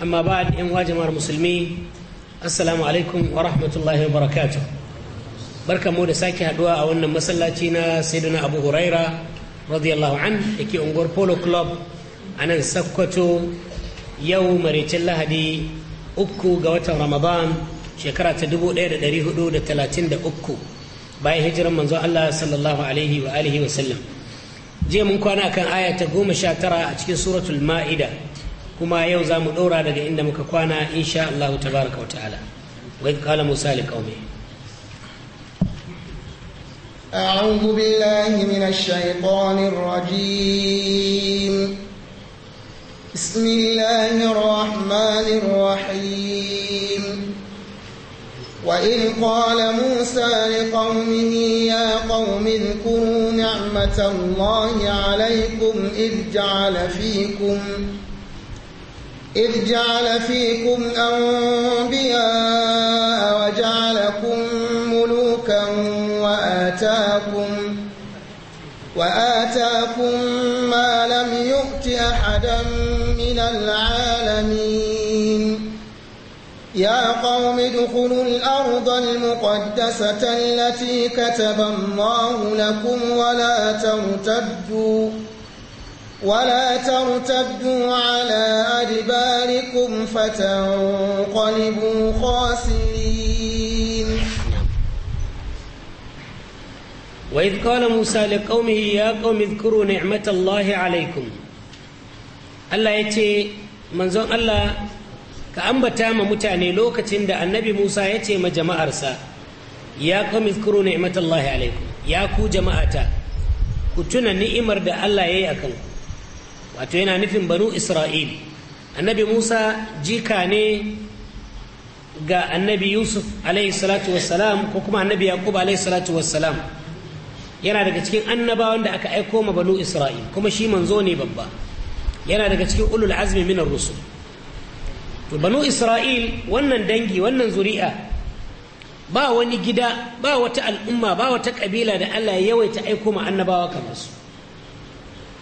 amma ba da yan jama'ar musulmi assalamu alaikum wa rahmatullahi wa barakatu barka mu da sake haduwa a wannan masallaci na sayyidina abu huraira radiyallahu an da ke unguwar polo club a nan sakkwato yau maraicin lahadi uku ga watan ramadan shekara ta uku. bayan hijiran manzo allah sallallahu alaihi wa alihi wa sallam je mun kwana kan aya ta goma sha tara a cikin suratul ma'ida kuma yau za mu ɗora daga inda muka kwana insha Allah tabaraka wa ta'ala wa qala Musa li qaumi أعوذ بالله من الشيطان الرجيم بسم الله الرحمن الرحيم وإذ قال موسى لقومه يا قوم اذكروا نعمة الله عليكم إذ جعل فيكم إذ جعل فيكم أنبياء وجعلكم ملوكا وآتاكم وآتاكم ما لم يؤت أحدا من العالمين يا قوم ادخلوا الأرض المقدسة التي كتب الله لكم ولا ترتدوا ولا ترتدوا على أدباركم فتنقلبوا خاسرين وإذ قال موسى لقومه يا قوم اذكروا نعمة الله عليكم الله يتي منزون الله كأنبتا ما متعني لوكة عند النبي موسى يتي ما جماعة رسا يا قوم اذكروا نعمة الله عليكم يا كو جماعة ku tuna ni'imar da Allah ya yi a kanku wato yana nufin banu isra'il annabi musa jika ne ga annabi yusuf alaihi salatu wassalam ko kuma annabi yaqub alaihi salatu wassalam yana daga cikin annabawan da aka aiko ma banu isra'il kuma shi manzo ne babba yana daga cikin ulul azmi minar rusul to banu isra'il wannan dangi wannan zuri'a ba wani gida ba wata al'umma ba wata kabila da Allah ya yawaita aiko ma annabawa kamar su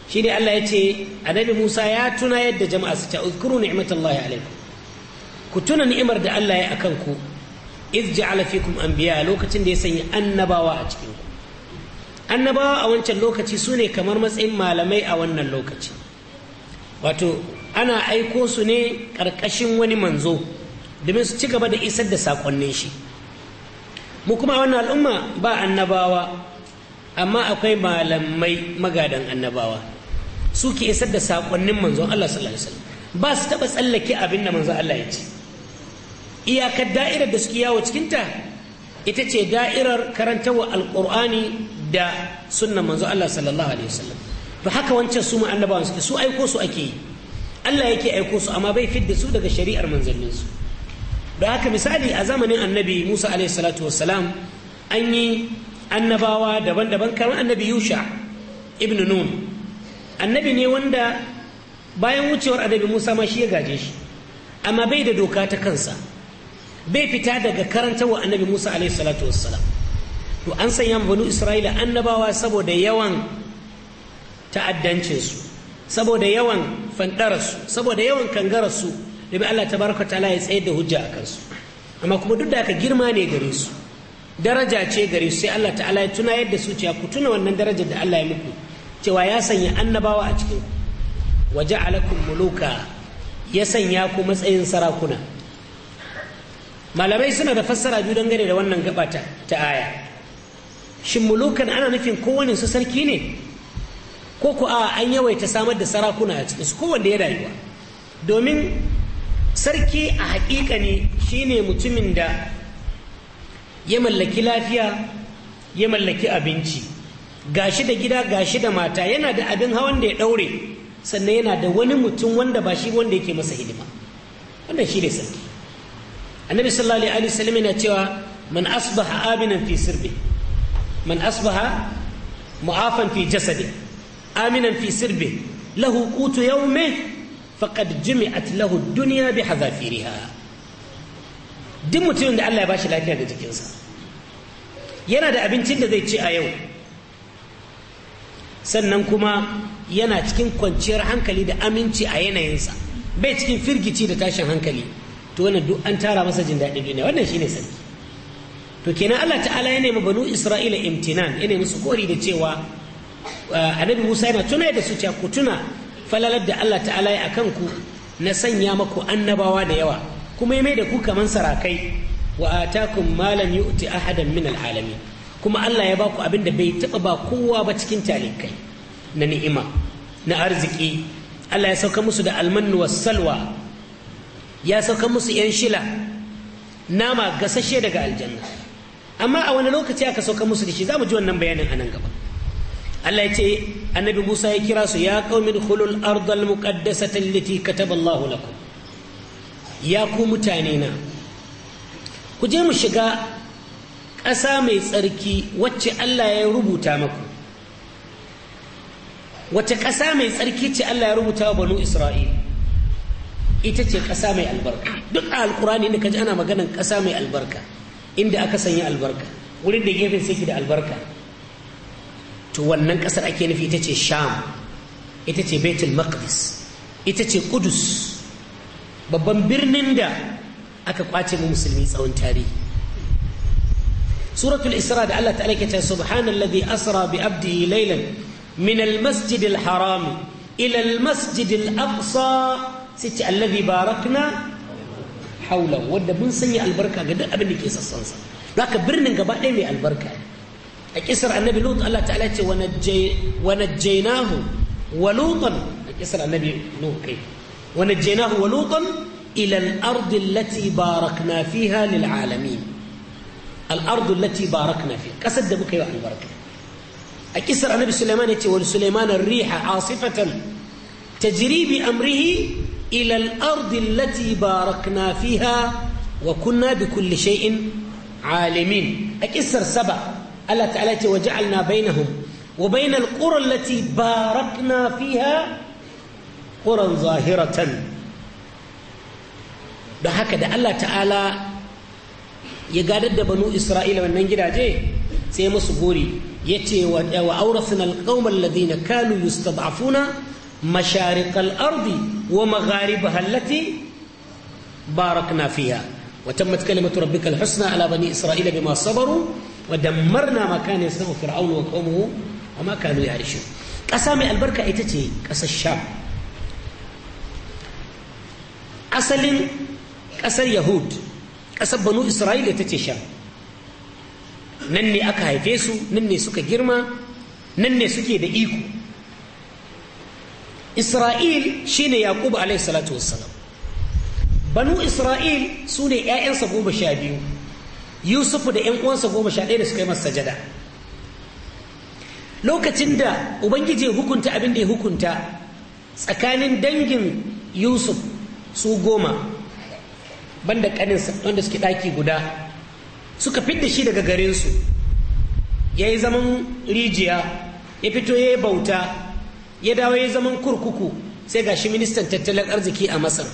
shi ne Allah ya ce annabi Musa ya tuna yadda jama'a su ta uzkuru ni'matallahi alaikum ku tuna ni'imar da Allah ya akan ku iz ja'ala fikum anbiya lokacin da ya sanya annabawa a cikin ku annabawa a wancan lokaci su ne kamar matsayin malamai a wannan lokaci wato ana aiko su ne karkashin wani manzo domin su ci gaba da isar da sakonnin shi mu kuma a wannan al'umma ba annabawa amma akwai malamai magadan annabawa suke isar da saƙonnin manzon Allah sallallahu alaihi wasallam ba su taɓa tsallake abin da manzon Allah ya ce iyakar da'irar da suke yawo cikinta ita ce da'irar karantarwa alƙur'ani da sunnan manzon Allah sallallahu alaihi wasallam Ba haka wancan su annabawan suke su aiko su ake yi Allah yake aiko su amma bai fidda su daga shari'ar manzannin su don haka misali a zamanin annabi Musa alaihi salatu wassalam an yi annabawa daban-daban kamar annabi Yusha ibn Nun annabi ne wanda bayan wucewar annabi musa ma shi ya gaje shi amma bai da doka ta kansa bai fita daga wa annabi musa alaihi salatu wassalam to an sanya banu isra'ila annabawa saboda yawan ta'addancinsu saboda yawan fandararsu saboda yawan kangararsu da bi allah tabaraka ta'ala ya tsayar da hujja a kansu amma kuma duk da haka girma ne gare su daraja ce gare su sai allah ta'ala ya tuna yadda su ce ku tuna wannan darajar da allah ya muku cewa ya sanya annabawa a cikin waje alakun muluka ya sanya ku matsayin sarakuna malamai suna da fassara biyu dangane da wannan gabata ta aya shin mulukan ana nufin kowane su sarki ne ko ku a an yawaita samar da sarakuna a cikin su kowanne ya rayuwa domin sarki a haƙiƙa ne shine mutumin da ya mallaki lafiya ya mallaki abinci gashi da gida gashi da mata yana da abin hawan da ya daure sannan yana da wani mutum wanda ba shi wanda yake masa hidima wannan shi ne sarki annabi sallallahu alaihi wasallam yana cewa man asbaha aminan fi sirbi man asbaha mu'afan fi jasadi aminan fi sirbi lahu qutu yawmihi faqad jumi'at lahu dunya bi hazafiriha duk mutumin da Allah ya bashi lafiya da jikinsa yana da abincin da zai ci a yau sannan kuma yana cikin kwanciyar hankali da aminci a yanayinsa bai cikin firgici da tashin hankali to wannan duk an tara masa jin daɗin duniya wannan shine sarki to kenan Allah ta'ala ya nemi banu Isra'ila imtinan ya nemi su kori da cewa uh, annabi Musa yana tuna da su cewa ku tuna falalar da Allah ta'ala ya akan ku na sanya maku annabawa da yawa kuma ya mai da ku kaman sarakai wa atakum ma lam yu'ti ahadan min alami. kuma Allah ya baku abin da bai taɓa ba kowa ba cikin talikai na ni'ima na arziki Allah ya sauka musu da almannu salwa ya sauka musu yan shila nama gasashe daga aljanna amma a wani lokaci aka sauka musu da shi za mu ji wannan bayanin a nan gaba Allah ya ce annabi Musa ya kira su ya qaumi dukhulul ardal muqaddasata allati kataba Allahu lakum ya ku mutane na ku je mu shiga ƙasa mai tsarki wacce Allah ya rubuta maku wacce ƙasa mai tsarki ce Allah ya rubuta wa banu Isra'il ita ce ƙasa mai albarka duk a alkurani ka kaji ana maganan ƙasa mai albarka inda aka sanya albarka wurin da gefen sai da albarka to wannan ƙasar ake nufi ita ce sham ita ce baitul maqdis ita ce kudus babban birnin da aka kwace mu musulmi tsawon tarihi suratul isra da Allah ta'ala ke ta subhanallazi asra bi abdihi laylan min almasjidil haram ila almasjidil aqsa sai ce barakna haula wanda mun sanya albarka ga duk abin da ke sassan sa zaka birnin gaba ɗaya mai albarka a kisar annabi lut Allah ta'ala ce wa najjaynahu wa lutan a kisar annabi nuh kai wa najjaynahu wa lutan ila al-ardi allati barakna fiha lil alamin al'ardu lati barakna fi kasar da muka yi wa albarka a ƙisar annabi suleiman yace wal sulaiman riha asifatan tajri bi amrihi ila al-ard allati wa kunna bi kulli shay'in alimin a kisar saba Allah ta'ala yace waja'alna bainahum wa bainal qura allati barakna fiha quran zahiratan don haka da Allah ta'ala ya gadar da banu isra'ila wannan gidaje sai musu gori ya ce wa aurasin alƙawmar ladina kanu yustad'afuna masharikal ardi wa magharibi hallati barakna fiha wa tammat kalimatu rabbikal husna ala bani isra'ila bima sabaru wa dammarna ma kana yasna'u wa qawmuhu wa ma kanu ya'rishun ƙasa mai albarka ita ce ƙasar sham asalin ƙasar yahud ƙasar banu isra'ila ta ce sham nan ne aka haife su nan ne suka girma nan ne suke da iko isra'il shine yaqub alaihi salatu wassalam banu isra'il su ne 'ya'yansa goma sha biyu yusufu da 'yan uwansa goma sha ɗaya da suka yi masa sajada lokacin da ubangiji ya hukunta abin da ya hukunta tsakanin dangin yusuf su goma banda kanin wanda suke ɗaki guda suka fidda shi daga garinsu ya yi zaman rijiya ya fito ya yi bauta ya dawo ya yi zaman kurkuku sai ga shi ministan tattalin arziki a masar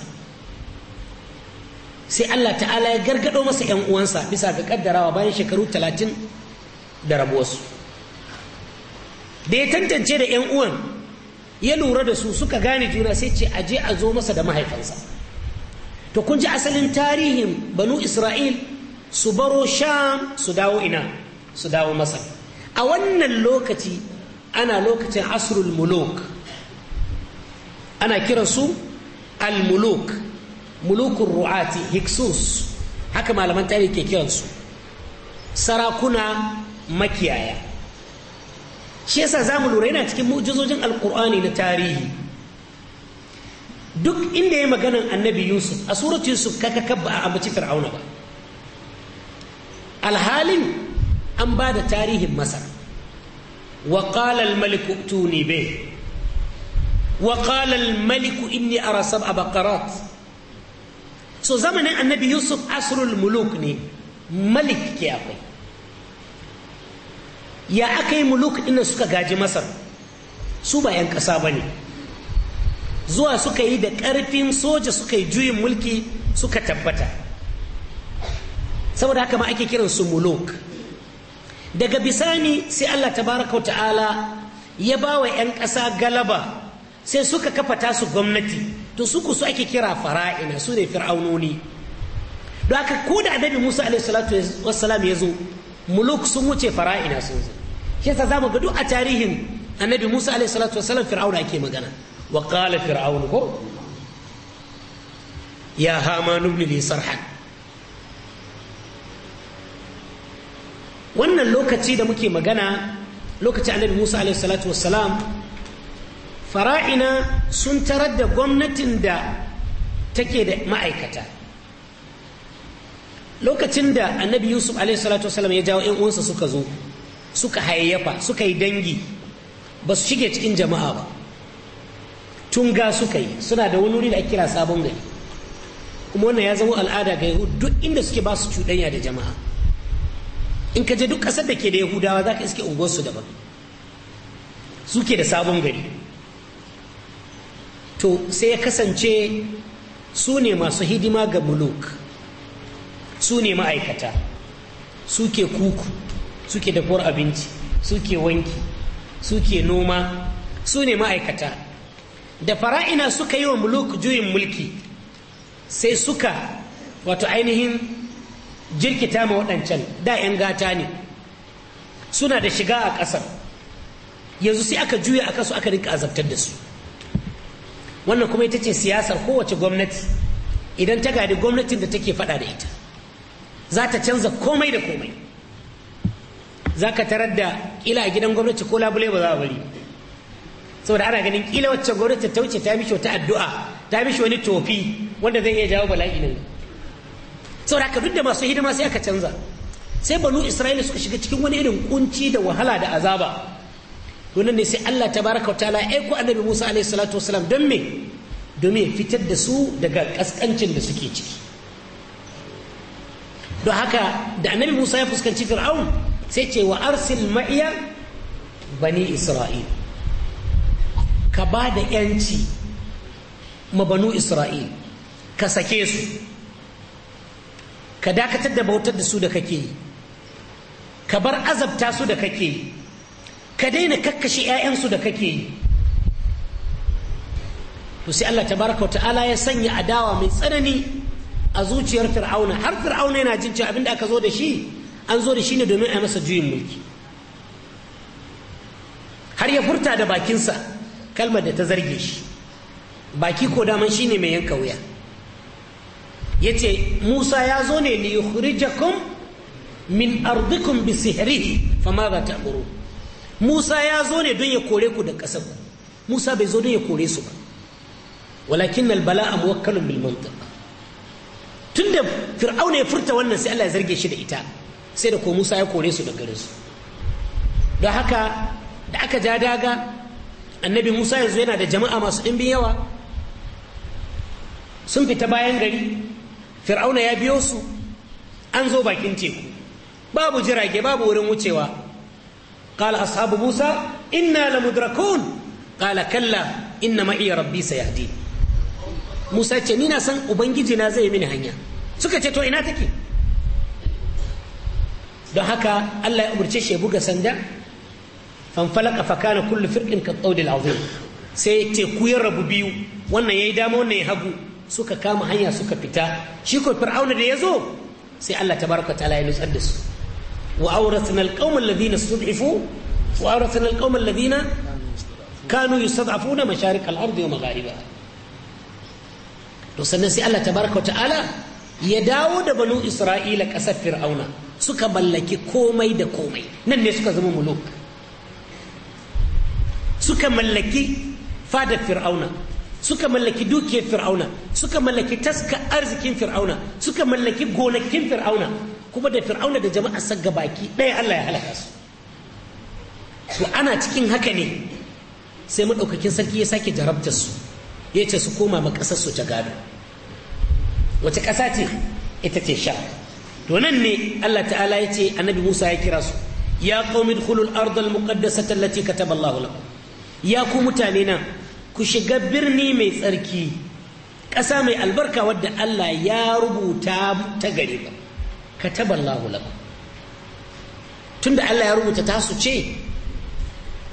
sai allah ta'ala ya gargado masa 'yan uwansa bisa ga kaddarawa bayan shekaru talatin da rabuwarsu da ya tantance da 'yan uwan ya lura da su suka gane juna sai ce aje a zo masa da mahaifansa to kun ji asalin tarihin banu isra'il su baro sham su dawo ina su dawo masar a wannan lokaci ana lokacin asrul muluk ana kiransu al-muluk mulukun ru'ati hiksus haka malaman tarihi ke kiransu sarakuna makiyaya shi yasa za mu lura yana cikin mu'jizojin alkur'ani na tarihi duk inda ya maganan annabi yusuf a surat yusuf kaka kabba a ambaci fir'auna ba alhalin an ba da tarihin masar wa qala maliku tuni be wa qala maliku inni ara sab'a baqarat so zamanin annabi yusuf asrul muluk ne malik ke akwai ya aka yi muluk ɗin suka gaji masar su ba 'yan ƙasa ba ne zuwa suka yi da ƙarfin soja suka yi juyin mulki suka tabbata saboda haka ma ake kiransu muluk daga bisani sai Allah tabaraka ta'ala ya ba wa 'yan ƙasa galaba sai suka kafa tasu gwamnati to su su ake kira fara'ina su ne fir'aunoni don haka ko da annabi musa alaihi wassalam ya zo muluk sun wuce fara'ina sun zo shi yasa za mu ga duk a tarihin annabi musa alaihi wassalam fir'auna ake magana wa qala fir'aun ko ya haman ibn li sarhan wannan lokaci da muke magana lokaci annabi Musa alaihi salatu fara'ina sun tarar da gwamnatin da take da ma'aikata lokacin da annabi yusuf alaihi salatu ya jawo 'yan'uwansa uwansa suka zo suka hayayyafa suka yi dangi ba su shige cikin jama'a ba tunga suka yi suna da wani wuri da kira sabon gari kuma wannan ya zama al'ada ga yahudu duk inda suke ba su cuɗanya da jama'a in ka je duk ƙasar da ke da yahudawa za ka iske unguwarsu daban suke da sabon gari to sai ya kasance su ne masu hidima ga muluk su ne ma'aikata suke kuku suke dafuwar abinci suke wanki suke noma su ne ma'aikata da fara'ina suka yi wa muluk juyin mulki sai suka wato ainihin jirkita ma waɗancan da 'yan gata ne suna da shiga a ƙasar yanzu sai aka juya a kasu aka rinka azabtar da su wannan kuma ita ce siyasar kowace gwamnati idan ta gadi gwamnatin da take faɗa da ita za ta canza komai da komai za ka tarar da ƙila a gidan gwamnati ko labule ba za a bari ba saboda ana ganin kila wacce gwamnati ta wuce ta mishi wata addu'a ta mishi wani tofi wanda zai iya jawo bala'i nan saboda haka duk da masu hidima sai aka canza sai banu isra'ila suka shiga cikin wani irin kunci da wahala da azaba to nan ne sai Allah tabaraka wa ta'ala aiko annabi Musa alaihi salatu wasalam don me domin fitar da su daga kaskancin da suke ciki don haka da annabi Musa ya fuskanci Fir'aun sai ce wa arsil ma'iya bani Isra'ila ka ba da ‘yanci mabanu Isra'il ka sake su ka dakatar da bautar da su da kake yi ka bar azabta su da kake yi ka daina kakkashi ‘ya'yansu da kake yi to sai Allah baraka ta'ala ya sanya adawa mai tsanani a zuciyar fir'auna har fir'auna yana jin cewa abinda aka zo da shi an zo da shi ne domin a yi masa juyin mulki har ya furta da bakinsa kalmar da ta zarge shi baki ko daman shine mai yanka wuya yace Musa ya zo ne li yukhrijakum min ardikum bi sihrihi fama ba ta'muru Musa ya zo ne don ya kore ku da ƙasar Musa bai zo don ya kore su ba walakin a muwakkalun bil tun da fir'auna ya furta wannan sai Allah ya zarge shi da ita sai da ko Musa ya kore su da garin su don haka da aka ja daga annabi musa yanzu yana da jama'a masu ɗimbin yawa sun fita bayan gari fir'auna ya biyo su an zo bakin teku babu jirage babu wurin wucewa qala ashabu musa inna lamudrakun qala kalla inna ma iya rabbi sayahdi musa ce ni na san ubangiji na zai mini hanya suka ce to ina take don haka Allah ya umarce shi buga sanda fanfalaka fa kana kullu firqin ka qawdil azim sai teku ya rabu biyu wannan yayi dama wannan ya hagu suka kama hanya suka fita shi ko fir'auna da yazo sai Allah tabaraka ta'ala ya nutsar da su wa awrathna alqawma alladhina stud'ifu wa awrathna alqawma alladhina kanu yustad'afuna masharik al-ardi wa magharibaha to sannan sai Allah tabaraka ta'ala ya dawo da banu isra'ila kasar fir'auna suka mallaki komai da komai nan ne suka zama muluk suka mallaki fadar fir'auna suka mallaki dukiyar fir'auna suka mallaki taska arzikin fir'auna suka mallaki gonakin fir'auna kuma da fir'auna da jama'a sagga baki ɗaya Allah ya halaka su to ana cikin haka ne sai maɗaukakin sarki ya sake jarabtar su ya ce su koma ma ƙasar su ta gado wace ƙasa ce ita ce sha to nan ne Allah ta'ala ya ce annabi Musa ya kira su ya qaumi dkhulul ardh al muqaddasata allati kataba lakum ya ku mutane nan ku shiga birni mai tsarki ƙasa mai albarka wadda Allah ya rubuta ta gare ba ka taɓa tun tunda Allah ya rubuta ta su ce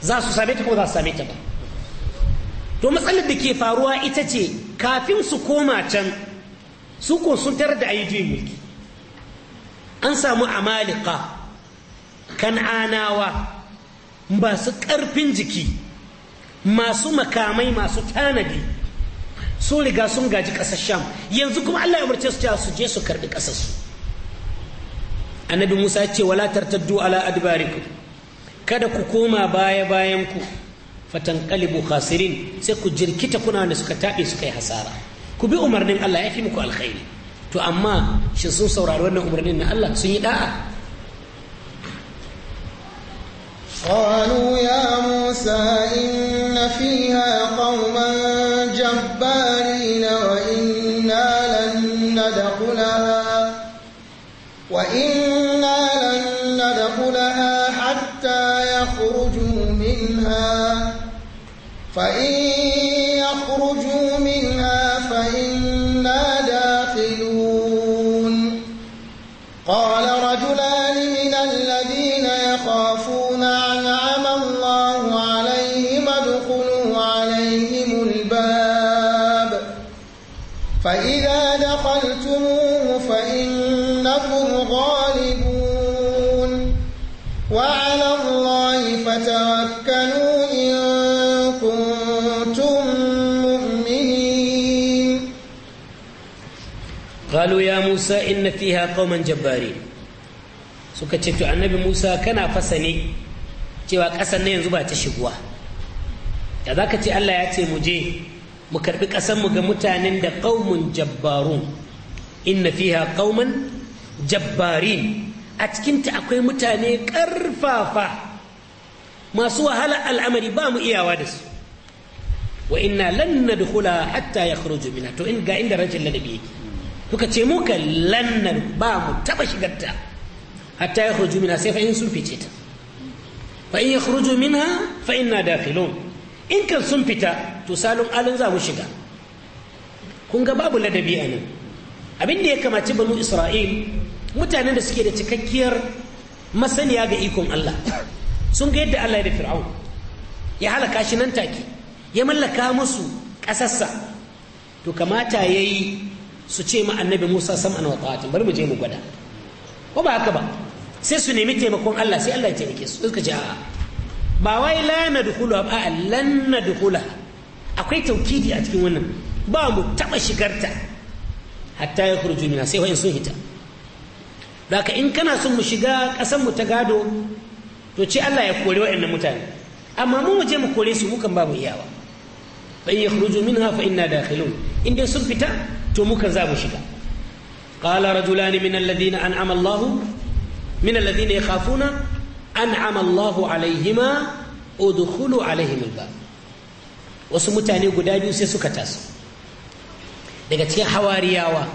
za su same ta ko za su same ta ba to matsalar da ke faruwa ita ce kafin su koma can su ko sun tarar da ayyukan mulki an samu amalika kan'anawa masu ƙarfin jiki masu makamai masu tanadi sun riga sun gaji ƙasar sham yanzu kuma allah ya umarce su su je su karɓi ƙasarsu annabi musa ce wala tartaddu ala adbarikum kada ku koma baya bayan ku fatan kalibu khasirin sai ku jirkita kuna wanda suka taɓe suka yi hasara ku bi umarnin allah ya fi muku alkhairi to amma shin sun saurari wannan umarnin na allah sun yi da'a قالوا يا موسى إن فيها قوما جبارين وإنا لن ندخلها وإنا لن ندخلها حتى يخرجوا منها فإن musa inna fiha qauman jabbari suka ce to annabi musa kana fasa ne cewa ƙasar na yanzu ba ta shiguwa da za ka ce allah ya ce mu je mu karɓi ƙasar mu ga mutanen da qaumun jabbarun inna fiha qauman jabbarin a cikinta akwai mutane ƙarfafa masu wahala al'amari ba mu iyawa da su wa inna lan nadkhula hatta yakhruju minha to in ga inda rajin ladabi yake suka ce mu kallan ba mu taba shigarta hatta ya sai fain sun fice ta fain in yakhruju minha fa inna in kan sun fita to salon alin za mu shiga kun ga babu ladabi a nan abin da ya kamaci banu isra'il mutanen da suke da cikakkiyar masaniya ga ikon Allah sun ga yadda Allah ya da fir'aun ya halaka shi nan take ya mallaka musu ƙasarsa to kamata ya yi su ce ma annabi Musa sam'an wa ta'atin bari mu je mu gwada ko ba haka ba sai su nemi taimakon Allah sai Allah ya taimake su suka ce a'a ba wai la nadkhulu ba lan nadkhula akwai taukidi a cikin wannan ba mu taba shigarta hatta ya kurju mina sai wayan sun hita haka in kana son mu shiga kasan mu ta gado to ce Allah ya kore wayannan mutane amma mu je mu kore su mu babu ba iyawa fa yakhruju minha fa inna dakhilun in dai sun fita to muka za mu shiga qala rajulani min na an amallahu min alladhina yakhafuna an amallahu alaihima o dukulu alaihim ba wasu mutane guda biyu sai suka taso daga cikin hawariyawa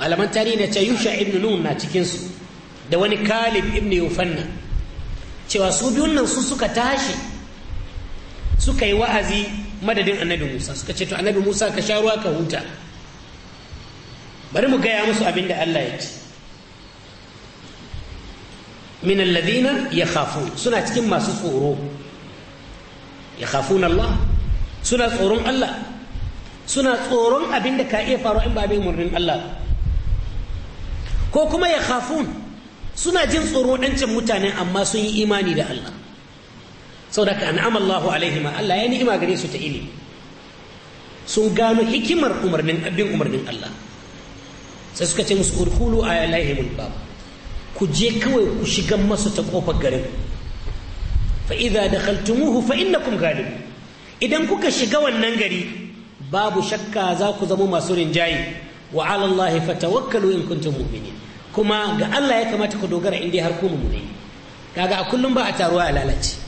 malaman tarihi na ce yusha ibn nun na cikinsu da wani kalib ibn yufanna cewa su biyun nan su suka tashi suka yi wa'azi madadin annabi musa suka ce to annabi musa ka sha ruwa ka huta bari mu gaya musu abin da Allah ya ce min alladhina yakhafun suna cikin masu tsoro yakhafun Allah suna tsoron Allah suna tsoron abin da ka iya faru in ba bai murnin Allah ko kuma yakhafun suna jin tsoro dancin mutane amma sun yi imani da Allah saboda ka an'ama Allahu alaihima Allah ya ni'ima gare su ta ilimi sun gano hikimar umarnin abin umarnin Allah sai suka ce musu urkulu a alaihimul bab ku je kawai ku shiga masu ta kofar garin fa idza dakhaltumuhu fa innakum ghalib idan kuka shiga wannan gari babu shakka za ku zama masu rinjaye wa ala allahi fatawakkalu in kuntum mu'minin kuma ga Allah ya kamata ku dogara in dai har ku mu kaga a kullum ba a taruwa a lalace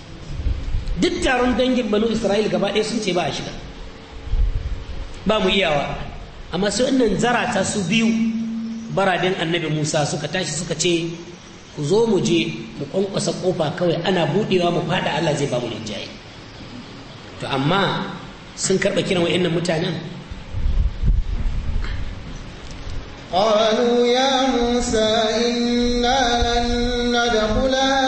duk taron dangin banu Isra'il gaba ɗaya sun ce ba a shiga ba mu iyawa amma sai wannan zarata su biyu baradin annabi musa suka tashi suka ce ku zo mu je mu kwankwasa kofa kawai ana budewa mu fada allah zai ba mu rinjaye to amma sun karɓa kiran wa'annan mutanen قالوا يا موسى إنا لن ندخلها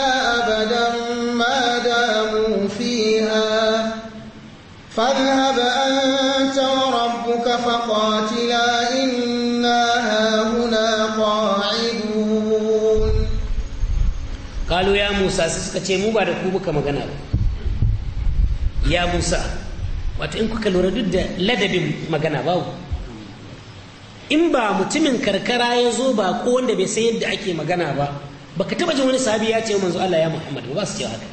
فقاتلا إنا هاهنا قاعدون قالوا يا موسى سسكتي مو بعد كوبك مغنى يا موسى wata in kuka lura duk da ladabin magana babu in ba mutumin karkara ya zo ba ko wanda bai san yadda ake magana ba baka taba jin wani sabi ya ce manzo Allah ya Muhammad ba su cewa haka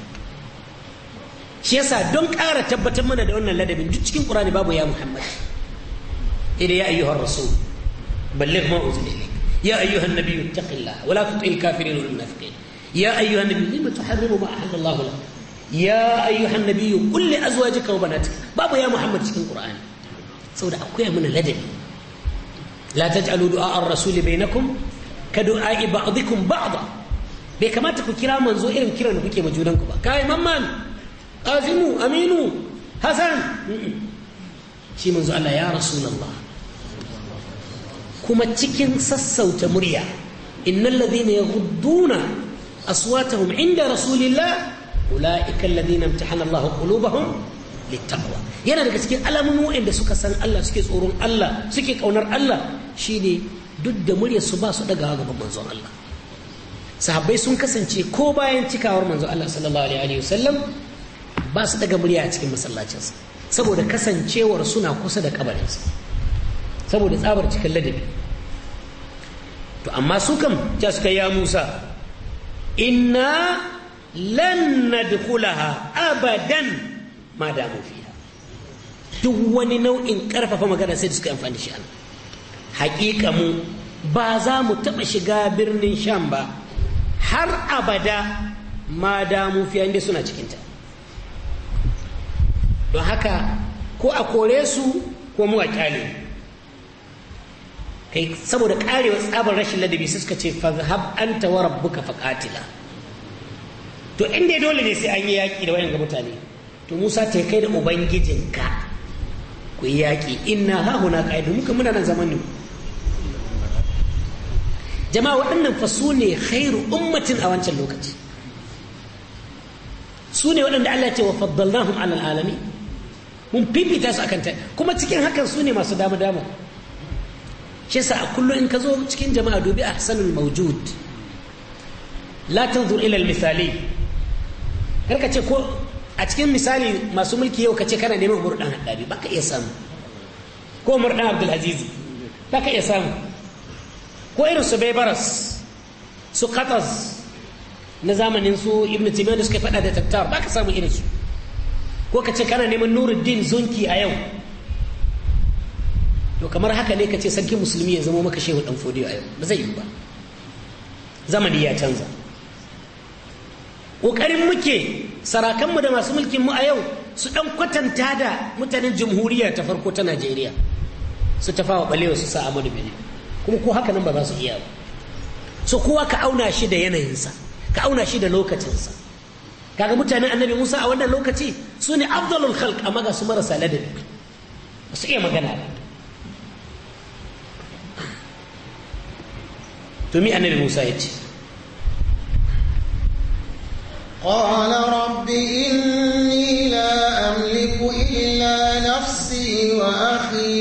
shi yasa don ƙara tabbatar mana da wannan ladabin duk cikin Qur'ani babu ya Muhammad إلى يا أيها الرسول بلغ ما أنزل إليك يا أيها النبي اتق الله ولا تطع الكافرين والمنافقين يا أيها النبي لم تحرم ما أحل الله لك يا أيها النبي قل لأزواجك وبناتك بابا يا محمد في القرآن سودا أقوياء من لدن لا تجعلوا دعاء الرسول بينكم كدعاء بعضكم بعضا bai kamata ku kira manzo irin kiran da kuke ma junanku ba kai mamman azimu aminu hasan shi manzo Allah ya rasulullah kuma cikin sassauta murya innal ladhina yaghudduna aswatahum inda rasulillah ulaikan alladhina imtahana Allahu qulubahum littaqwa yana daga cikin alamun wanda suka san Allah suke tsoron Allah suke kaunar Allah shine duk da muryarsu su ba su daga gaban manzon Allah sahabbai sun kasance ko bayan cikawar manzon Allah sallallahu alaihi wasallam ba su daga murya a cikin masallacinsa saboda kasancewar suna kusa da kabarinsa saboda tsabar cikin ladabi to amma su kam ta suka ya musa inna lan nadkhulaha abadan ma damu fiha duk wani nau'in karfafa magana sai da suka amfani shi Allah haƙiƙa mu ba za mu taɓa shiga birnin sham ba har abada ma damu fiya inda suna cikinta don haka ko a kore su ko mu a kyale kai saboda karewa tsabar rashin ladabi suka ce fazhab anta wa rabbuka faqatila to inda dole ne sai an yi yaki da wayan ga mutane to Musa ta kai da ubangijinka ku yi yaki inna ha huna qaidu muka muna nan zamanin jama'a waɗannan fa su ne khairu ummatin a wancan lokaci su ne waɗanda Allah ce wa faddalnahum alal alami mun fifita su akan ta kuma cikin hakan su ne masu dama dama shi yasa a kullum in ka zo cikin jama'a dubi a sanin maujud la tanzur ila misali kar ka ce ko a cikin misali masu mulki yau ka ce kana neman umar dan haddabi ka iya samu ko umar dan abdul aziz iya samu ko irin su baybaras su qatas na zamanin su ibnu taymiyyah da suka faɗa da tattar ka samu irin su ko ka ce kana neman nuruddin zunki a yau to kamar haka ne ka ce sarki musulmi ya zama maka shehu dan fodiyo a yau ba zai yi ba zamani ya canza ƙoƙarin muke sarakanmu da masu mulkin mu a yau su ɗan kwatanta da mutanen jamhuriya ta farko ta najeriya su fawa ɓalewa su sa amadu bene kuma ko haka nan ba za su iya ba so kowa ka auna shi da yanayinsa ka auna shi da lokacinsa kaga mutanen annabi musa a wannan lokaci su ne Abdul khalq amma ga su marasa ladabi ba su iya magana ba to mi annabi Musa ya ce قال رب إني لا أملك إلا نفسي وأخي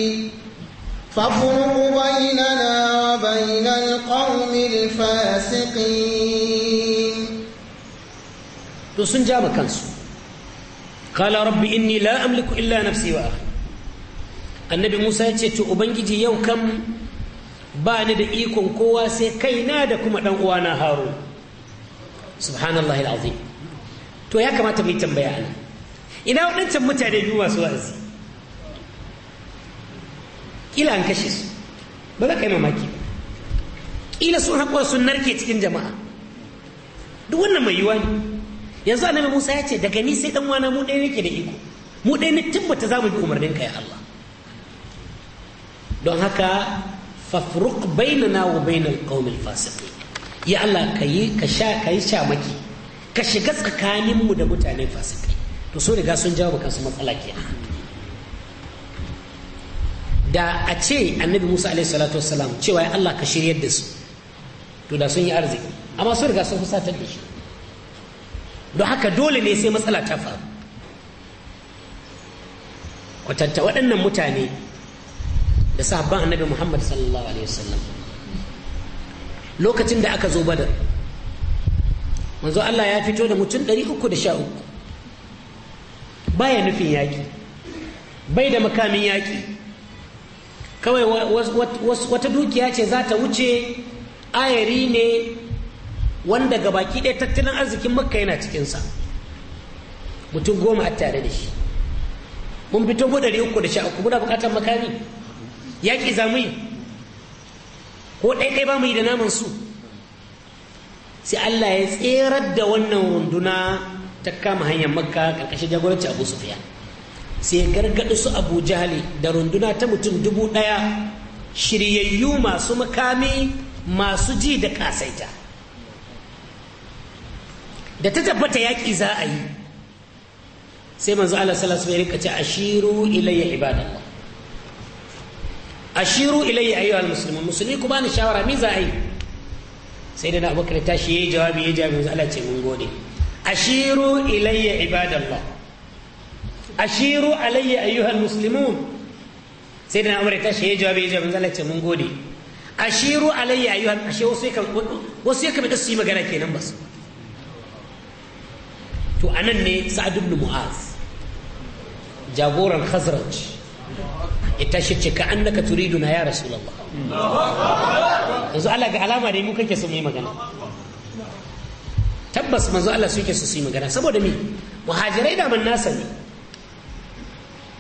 فافرق بيننا وبين القوم الفاسقين to sun ja kansu kala rabbi la amliku illa annabi musa ya ce to ubangiji yau kam ba ni da ikon kowa sai kaina da kuma ɗan uwana haru subhanallah al'azim to ya kamata mu yi tambaya ana ina wadancan mutane biyu masu wa'azi ƙila an kashe su ba za ka yi mamaki ba ƙila sun haƙuwa sun narke cikin jama'a duk wannan mai yiwuwa ne yanzu annabi musa ya ce daga ni sai ɗan wana mu ɗaya nake da iko mu ɗaya na tabbata za mu bi umarninka ya allah don haka fafruq bainana wa bainal qaumil fasiqin ya Allah kayi ka sha kayi shamaki ka shiga tsakaninmu da mutanen fasikai to so riga sun jawo kansu matsala kenan da a ce annabi Musa alaihi salatu wassalam cewa ya Allah ka shirya da su to da sun yi arziki amma sun riga sun fusatar da shi don haka dole ne sai matsala ta faru kwatanta waɗannan mutane da sahabban annabi Muhammad sallallahu alaihi wasallam lokacin da aka zo badar manzo Allah ya fito da mutum 313 baya nufin yaƙi bai da makamin yaƙi kawai wata dukiya ce za ta wuce ayari ne wanda ga baki ɗaya tattalin arzikin makka yana cikinsa mutum goma a tare da shi mun fito mu 313 muna buƙatar makami yaƙi za mu yi ko ɗaiɗai ba mu yi da naman su sai Allah ya tserar da wannan runduna ta kama hanyar makka ƙarƙashin jagoranci abu sufiya sai ya gargaɗi su abu jihali da runduna ta mutum dubu ɗaya shiryayyu masu makami masu ji da ƙasaita da ta tabbata yaƙi za a yi sai manzo Allah sallallahu alaihi wasallam ya rika ce ashiru ilayya ashiru ilayya ayyuhal muslimun musulmi ku bani shawara me za a yi sai da na abubakar tashi yayi jawabi yayi jawabi yanzu Allah ce mun gode ashiru ilayya ibadallah ashiru alayya ayyuhal muslimun sai da na umar tashi yayi jawabi yayi jawabi yanzu Allah ce mun gode ashiru alayya ayyuhal ashe wasu yakan wasu yakan da su yi magana kenan ba su to anan ne sa'ad ibn mu'az jagoran khazraj ya tashi cika annaka turiduna ya rasu yanzu Allah ga alama da mun kake so mu yi magana tabbas manzo Allah suke so su yi magana saboda me muhajirai da man nasa ne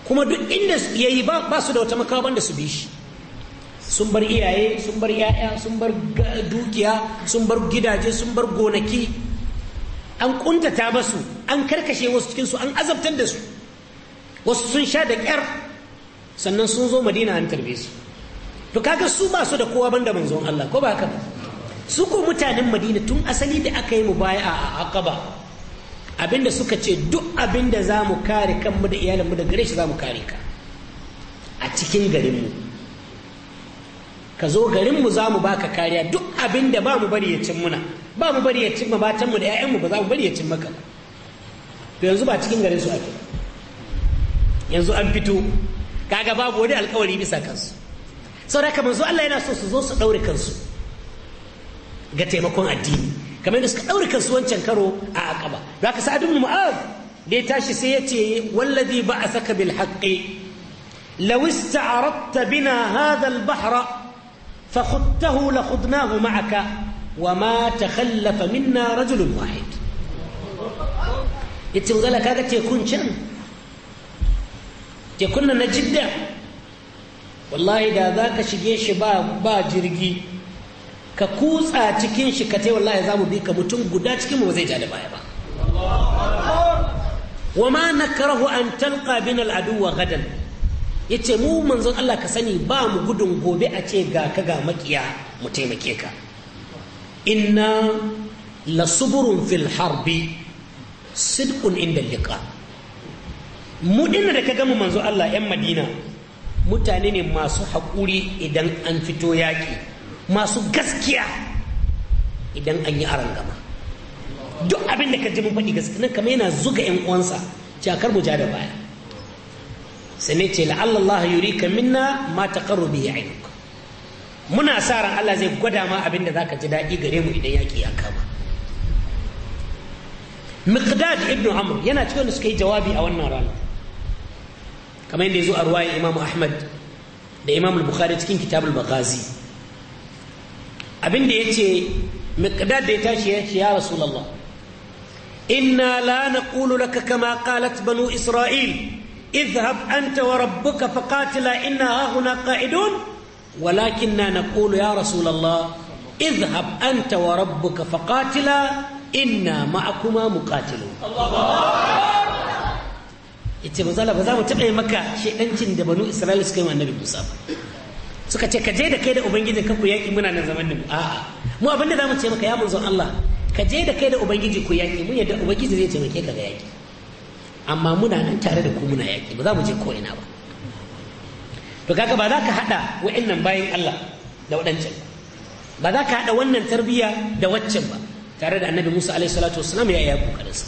kuma duk inda yayi basu ba su da wata makawa banda su bi shi sun bar iyaye sun bar yaya sun bar dukiya sun bar gidaje sun bar gonaki an kuntata basu an karkashe wasu cikin su an azabtar da su wasu sun sha da kyar sannan sun zo madina an tarbe su to kaga su ba su da kowa banda manzon Allah ko ba haka su ko mutanen madina tun asali da aka yi mu baya a aqaba abinda suka ce duk abinda za mu kare kanmu da iyalanmu da gare shi za mu kare ka a cikin garinmu ka zo garinmu za mu baka kariya duk abinda ba mu bari ya cin muna ba mu bari ya cin mu batanmu da 'ya'yanmu ba za mu bari ya cin maka to yanzu ba cikin garin su ake yanzu an fito kaga babu wani alkawari bisa kansu saboda haka manzo Allah yana so su zo su kansu ga taimakon addini kamar da suka daure kansu wancan karo a akaba da haka sa'ad mu mu'adh da ya tashi sai ya ce wallazi ba'athaka bil haqqi law ista'radta bina hadha al bahra fa khudtahu la khudnahu ma'aka wa ma takhallafa minna rajulun wahid yace manzo ka kaga tekun can tekun na jidda wallahi da za ka shige shi ba jirgi ka kutsa cikin shi ka wallahi za mu bi ka mutum guda cikin mu zai ja da baya ba wa ma nakarahu an talqa bin wa gadan yace mu manzon Allah ka sani ba mu gudun gobe a ce ga ka ga makiya mu taimake ka inna lasuburun fil harbi sidqun inda liqa mu inda da ka gama manzo Allah yan Madina mutane ne masu haƙuri idan an fito yaƙi masu gaskiya idan an yi arangama duk abin da ka ji mun faɗi gaskiya nan kamar yana zuga yan uwansa cakar mu ja da baya sai ne ce la'alla Allah yurika minna ma taqarru bihi ainuk muna sa ran Allah zai gwada ma abin da zaka ji daɗi gare mu idan yaƙi ya kama miqdad ibn amr yana cikin suka yi jawabi a wannan rana kamar yadda ya zo a ruwayan imamu ahmad da imamu bukhari cikin kitabul makazi abinda ya ce miqdad da ya tashi ya ce ya rasulullah inna la naqulu laka kama qalat banu isra'il اذهب أنت وربك فقاتلا إنا هاهنا قائدون ولكننا نقول يا رسول الله اذهب أنت وربك فقاتلا إنا معكما مقاتلون الله yace manzo ba za mu taɓa yi maka shedancin da banu Isra'ila suka yi annabi Musa ba suka ce ka je da kai da ubangiji ka ku yaki muna nan zaman da a'a mu abin da mu ce maka ya manzo Allah ka je da kai da ubangiji ku yaki mun yadda ubangiji zai taimake ka ga yaki amma muna nan tare da ku muna yaki ba za mu je ko ina ba to kaga ba za ka haɗa wa'annan bayan Allah da waɗancan ba za ka haɗa wannan tarbiyya da waccan ba tare da annabi Musa alaihi salatu wasalam ya yi kokarinsa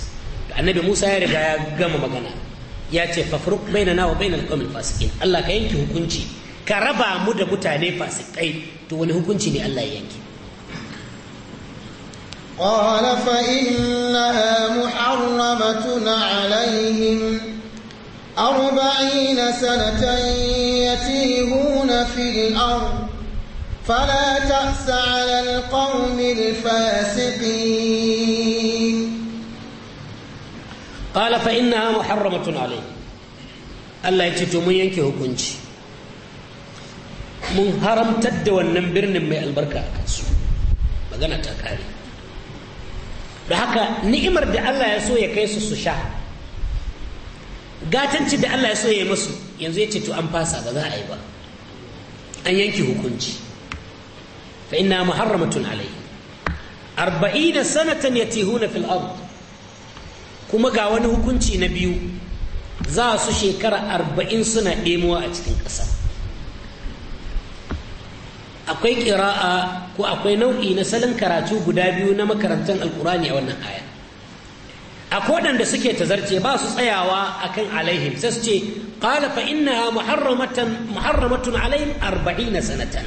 da annabi Musa ya riga ya gama magana ya ce fafruq bainana wa bainal qawmil fasikin Allah ka yanke hukunci ka raba mu da mutane fasikai to wani hukunci ne Allah ya yanke قال فإنها محرمة عليهم أربعين سنة يتيهون في الأرض فلا تأس على القوم الفاسقين qala fa ina muharramatun alayhi Allah ya ce to mun yanke hukunci mun haramtar da wannan birnin mai albarka a kansu magana ta kare da haka ni'imar da Allah ya so ya kai su su sha gatanci da Allah ya so ya yi musu yanzu ya ce to an fasa ba za a yi ba an yanke hukunci fa inna muharramatun alayhi arba'ina sanatan yatihuna fil ard kuma ga wani hukunci na biyu za su shekara arba'in suna ɗemowa a cikin ƙasa akwai ƙira'a ko akwai nau'i na salon karatu guda biyu na makarantar alkurani a wannan aya a waɗanda suke tazarce ba su tsayawa akan alaihim sai su ce qala fa muharramatun alaihim na sanatan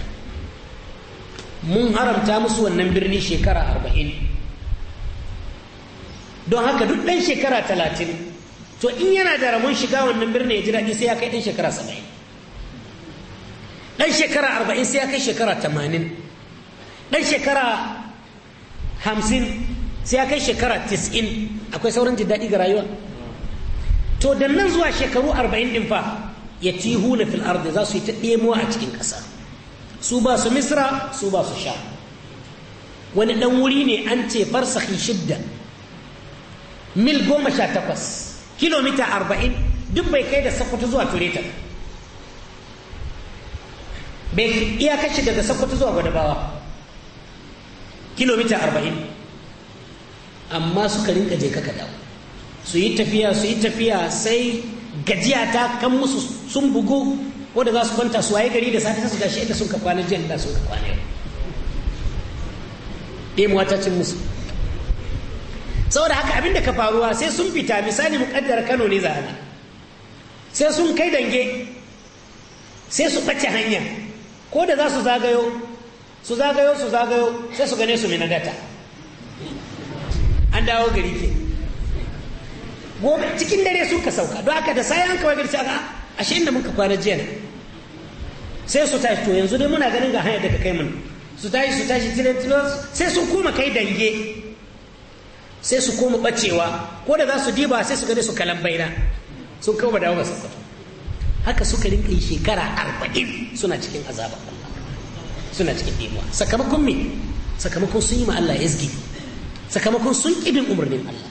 mun haramta musu wannan birni shekara arba'in don haka duk ɗan shekara talatin to in yana da ramon shiga wannan birnin ya ji daɗi sai ya kai ɗan shekara saba'in ɗan shekara arba'in sai ya kai shekara tamanin ɗan shekara hamsin sai ya kai shekara tis'in akwai sauran jin daɗi ga rayuwa to da nan zuwa shekaru arba'in ɗin fa ya na fil ardi za su yi ta ɗemowa a cikin ƙasa su ba su misra su ba su sha wani ɗan wuri ne an ce farsahi shidda mil goma sha takwas kilomita arba'in duk bai kai da sokoto zuwa tureta bai iya kashi daga sokoto zuwa gwadabawa kilomita arba'in amma suka rinka je kaka dawo su yi tafiya su yi tafiya sai gajiya ta kan musu sun bugu wadda za su kwanta su waye gari da sata su gashi inda sun ka kwana jiya da sun ka kwana yau ɗemuwa ta cin musu saboda haka abin da ka faruwa sai sun fita misali muƙaddar kano ne za a sai sun kai dange sai su ɓace hanya ko da za su zagayo su zagayo su zagayo sai su gane su mai nagata an dawo gari ke gobe cikin dare sun ka sauka don haka da sayan kawai gari a ashe inda muka kwana jiya ne sai su tashi to yanzu dai muna ganin ga hanyar da ka kai mun su tashi su tashi tilo sai sun koma kai dange sai su koma bacewa ko da za su diba sai su gane su kalan baina sun kawo ba dawo ba sassafa haka suka rinka yi shekara arba'in suna cikin azaba suna cikin ɗimuwa sakamakon me sakamakon sun yi ma Allah yazgi sakamakon sun ƙibin umarnin Allah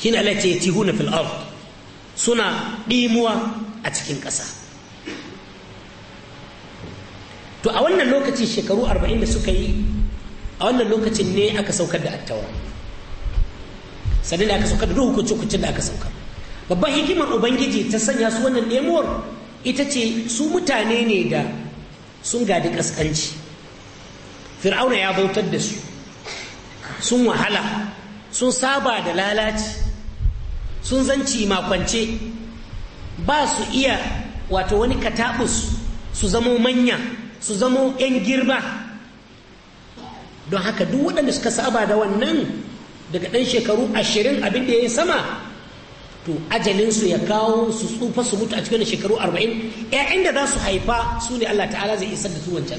shi na Allah ce tihuna fil ard suna ɗimuwa a cikin ƙasa to a wannan lokacin shekaru arba'in da suka yi a wannan lokacin ne aka saukar da attawa sannan aka sauka da duk hukuncin da aka sauka babban hikimar ubangiji ta sanya su wannan nemuwar ita ce su mutane ne da sun gadi kaskanci fir'auna ya bautar da su sun wahala sun saba da lalaci sun zanci makwance ba su iya wato wani katabus su zamo manya su zamo 'yan girma don haka duk waɗanda suka saba da wannan daga ɗan shekaru ashirin abin da ya yi sama to ajalinsu ya kawo su tsufa su mutu a cikin shekaru arba'in ‘ya'yan da za su haifa su ne Allah ta'ala zai isar da su wancan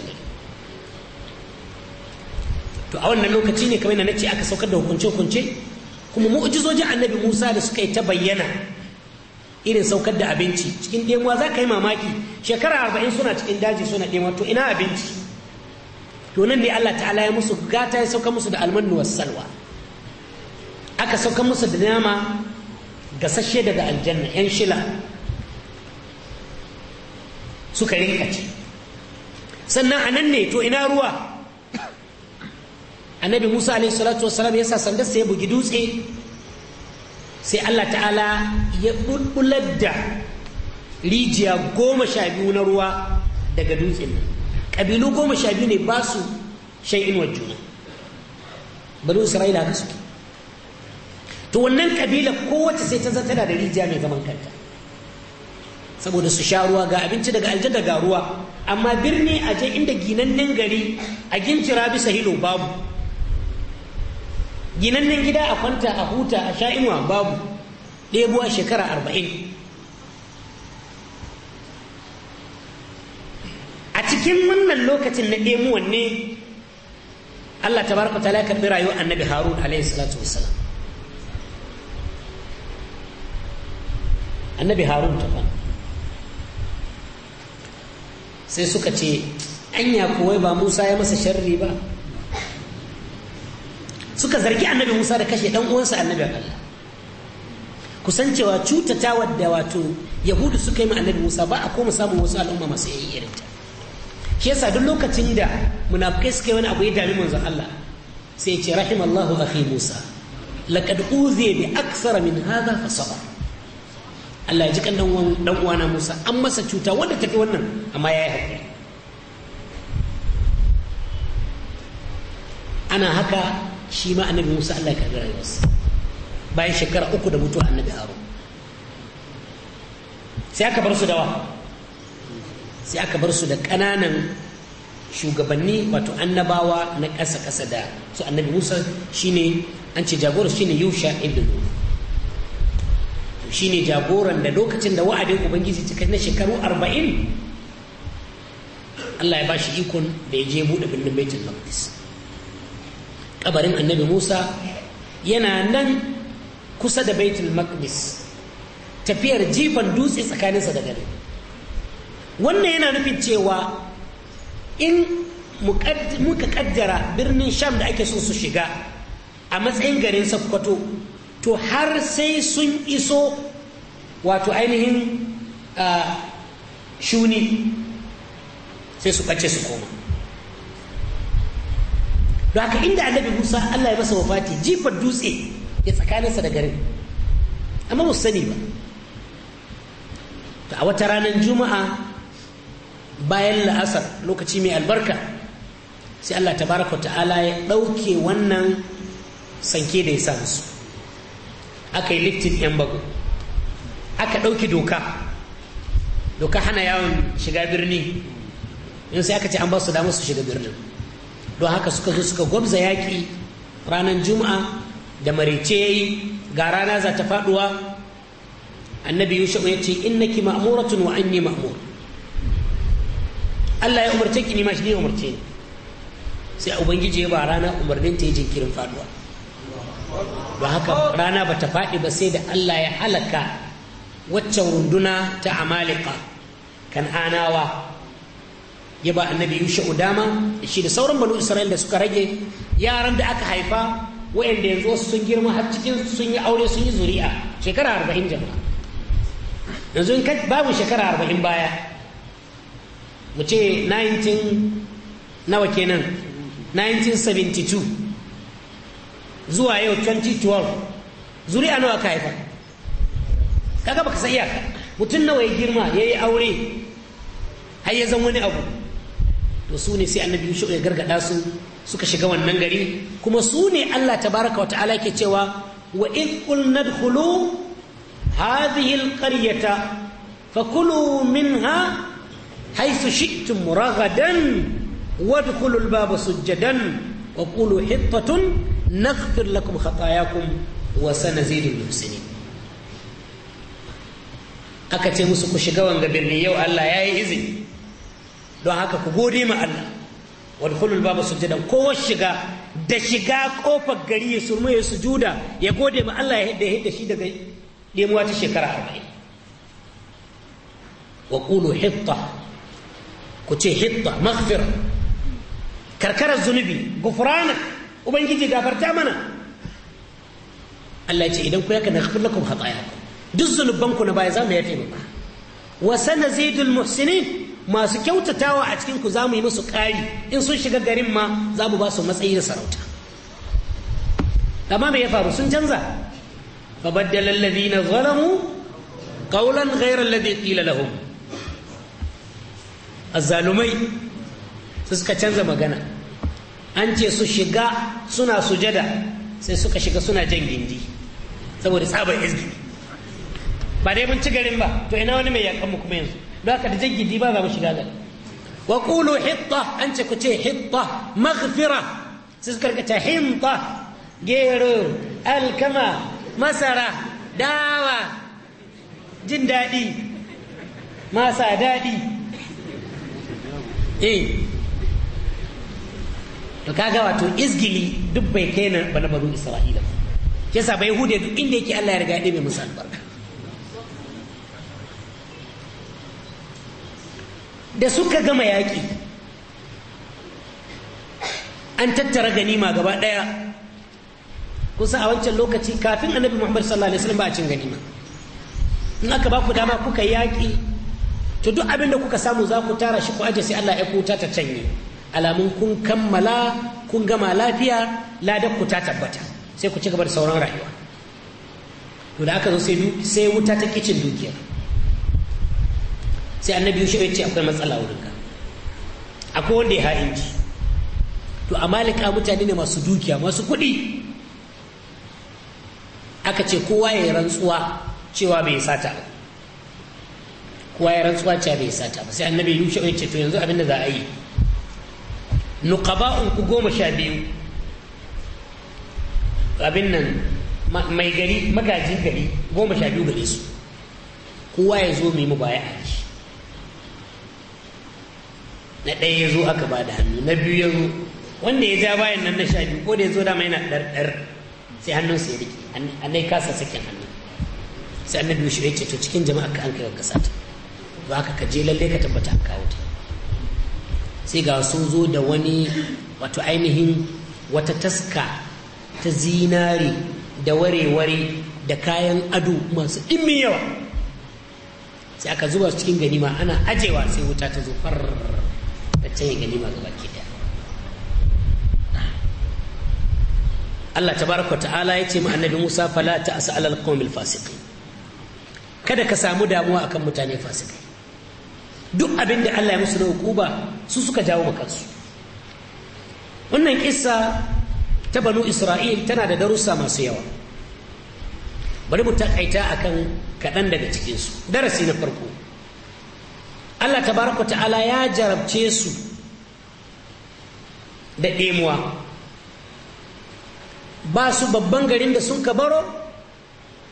to a wannan lokaci ne kamar na ce aka saukar da hukunce-hukunce kuma mu'ujizojin annabi musa da suka yi ta bayyana irin saukar da abinci cikin ɗemuwa za ka yi mamaki shekara arba'in suna cikin daji suna ɗemuwa to ina abinci to nan ne Allah ta'ala ya musu gata ya sauka musu da almannu salwa aka sauka musu da nama gasashe daga aljanna yan shila suka rinka ci sannan a ne to ina ruwa annabi musa alaihi salatu wasalam ya sa sanda sai ya bugi dutse sai allah ta'ala ya bulbular da rijiya goma sha biyu na ruwa daga dutsen kabilu goma sha biyu ne ba su shan inuwar juna bari isra'ila haka suke to wannan kabilar kowace sai ta tana da rijiya mai zaman kanta saboda su sha ruwa ga abinci daga aljanna ga ruwa amma birni a je inda ginannen gari a gincira bisa hilo babu ginannen gida a kwanta a huta a sha babu ɗebo a shekara arba'in a cikin wannan lokacin na ɗemuwan ne Allah tabaraka ta karɓi rayuwar annabi Harun alaihi salatu annabi harun ta sai suka ce anya kowai ba musa ya masa sharri ba suka zargi annabi musa da kashe dan uwansa annabi allah kusancewa cutata wadda wato yahudu suka yi ma annabi musa ba a koma samun wasu al'umma masu yayi irinta shi yasa duk lokacin da munafukai suka yi wani abu ya dami manzon allah sai ya ce rahimallahu akhi musa laqad uziya bi aksara min hadha fa sabar Allah ya ji kan dan uwana Musa an masa cuta wanda take wannan amma yayi hakuri ana haka shi ma annabi Musa Allah ya karbi rayuwarsa bayan shekara uku da mutuwa annabi Harun sai aka bar su wa sai aka bar su da ƙananan shugabanni wato annabawa na ƙasa-ƙasa da su annabi Musa shine an ce jagorar shine Yusha ibn Nun Shi ne jagoran da lokacin da wa'adin ubangiji cika na shekaru arba'in Allah ya ba shi ikon da ya je buɗe birnin baitul maqdis kabarin annabi musa yana nan kusa da baitul maqdis tafiyar jifan dutse tsakaninsa da gari wannan yana nufin cewa in muka kaddara birnin sham da ake so su shiga a matsayin garin sakkwato to har sai sun iso wato ainihin shuni sai su ɓace su koma don haka inda annabi musa allah ya masa wafati jifar dutse ya tsakaninsa da garin amma ba sani ba a wata ranar juma'a bayan la'asar lokaci mai albarka sai allah tabaraka ta'ala ya ɗauke wannan sanke da ya sa musu aka yi liftin yan bago aka ɗauki doka doka hana yawon shiga birni in sai aka ce an ba su damar su shiga birnin don haka suka zo suka gwabza yaƙi ranar juma'a da marice ya yi ga rana za ta faɗuwa annabi yusuf ya ce in ki ma'amuratun wa an yi ma'amur Allah ya umarce ki ni shi ne umarce ni sai ubangiji ya ba rana umarnin ta yi jinkirin faɗuwa don haka rana ba ta faɗi ba sai da Allah ya halaka waccan runduna ta amalika kan'anawa ya ba annabi yushe udama shi da sauran banu isra'il da suka rage yaran da aka haifa wa'anda yanzu wasu sun girma har cikin sun yi aure sun yi zuri'a shekara arba'in jama'a yanzu in babu shekara arba'in baya mu ce 19 nawa kenan 1972 zuwa yau 2012 zuri'a nawa ka haifa kaga baka san iyaka mutum nawa ya girma ya yi aure har ya zan wani abu to su ne sai annabi yusuf ya gargada su suka shiga wannan gari kuma su ne Allah tabaraka wata'ala ke cewa wa in qul nadkhulu hadhihi alqaryata fakulu minha haythu shi'tum ragadan wadkhulul baba sujjadan wa qulu hittatun نغفر لكم خطاياكم وسنزيد المحسنين aka ce musu ku shiga wanga birni yau Allah ya yi izini don haka ku gode ma Allah wadkhulul baba sujadan kowa shiga da shiga kofar gari ya surmu ya sujuda ya gode ma Allah ya hidda hidda shi daga nemuwa ta shekara arbain wa qulu hitta ku ce hitta maghfira karkarar zunubi gufranak ubangiji gafarta mana Allah ya ce idan ku yaka naghfir lakum khatayakum duk zunubanku na baya za mu yafe muku wa sanazidul muhsinin masu kyautatawa a cikin ku za mu yi musu ƙari in sun shiga garin ma za mu ba su matsayi da sarauta amma me ya faru sun canza fa baddala alladhina zalamu qawlan ghayra alladhi qila lahum azzalumai suka canza magana an ce su shiga suna sujada sai suka shiga suna jan gindi saboda tsabar izgini ba dai mun ci garin ba to ina wani mai yakan mu kuma yanzu don haka da jan gindi ba za mu shiga garin wa qulu hitta an ce ku ce hitta maghfira sai suka rika hinta gero alkama masara dawa jin daɗi masa daɗi eh to kaga wato izgili duk bai kai na bana banu isra'ila ba ke sa bai hude duk inda yake Allah ya riga ya mai musu albarka da suka gama yaƙi an tattara ganima gaba ɗaya kusa a wancan lokaci kafin annabi muhammad sallallahu alaihi wasallam ba a cin ganima in aka ba ku dama kuka yaƙi to duk abin da kuka samu za ku tara shi ku aje sai Allah ya kuta ta canye alamun kun kammala kun gama lafiya ladar ku ta tabbata sai ku ci gaba da sauran rayuwa to da aka zo sai wuta ta kicin dukiyar sai annabi yusuf ya ce akwai matsala wurin ka akwai wanda ya ha'inci to a malika mutane ne masu dukiya masu kuɗi aka ce kowa ya rantsuwa cewa bai sata ba kowa ya rantsuwa cewa bai sata ba sai annabi yusuf ya ce to yanzu abin da za a yi nukaba ku goma sha biyu abin nan mai gari magajin gari goma sha biyu gare su kowa ya zo mai mubaya a ji na ɗaya ya zo aka ba da hannu na biyu ya zo wanda ya ja bayan nan na sha biyu ko da ya zo dama yana ɗarɗar sai hannunsa ya riƙe annai kasa sakin hannu sai annabi shi ya ce to cikin jama'a ka an kai wa kasa ta to ka je lalle ka tabbata ka kawo ta sai ga sun zo da wani wato ainihin wata taska ta zinare da wareware da kayan ado masu ɗimmin yawa sai aka zuba cikin ganima ana ajewa sai wuta ta zo far da canye ganima gaba ke daya Allah tabaraka ta'ala ya ce ma Musa fala ta'sa alal qawmil fasiqin kada ka samu damuwa akan mutane fasikai duk abin da Allah ya musu na hukuba su suka jawo wa kansu wannan kissa ta banu isra'il tana da darussa masu yawa bari mu takaita kan kaɗan daga cikinsu darasi na farko Allah tabaraka ta'ala ya jarabce su da ɗemuwa ba su babban garin da sun ka baro